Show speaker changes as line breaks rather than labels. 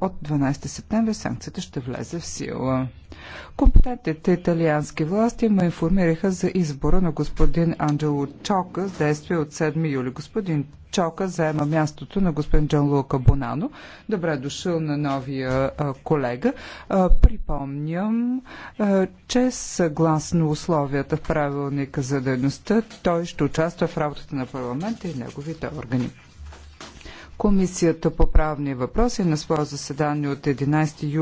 от 12 септември санкцията ще влезе в сила. Компетентните италиански власти ме информираха за избора на господин Анджело Чока с действие от 7 юли. Господин Чока заема мястото на господин Джон Лука Бонано. Добре дошъл на новия колега. припомням, че съгласно условията в правилника за дейността, той ще участва в работата на парламента и неговите органи. Комисията по правни въпроси на свое
заседание от 11 юли